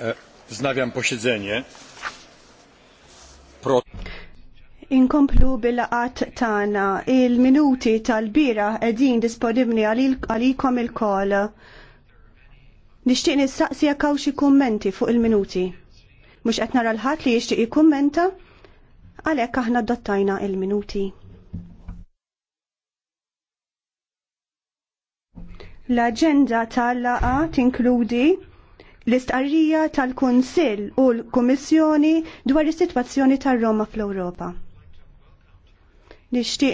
E, Znawiam posiedzenie. Pro... Inkomplu bil laqat tagħna il-minuti tal-bira qegħdin disponibbli għalikom il-kol. Nixtieq nistaqsi jekk hawn xi kummenti fuq il-minuti. Mhux qed nara l-ħadd li jixtieq jikkummenta għalhekk aħna dottajna il-minuti. L-aġenda tal-laqa tinkludi l-istqarrija tal-Kunsill u l-Kummissjoni dwar is-sitwazzjoni tar-Roma fl-Ewropa. Nixtieq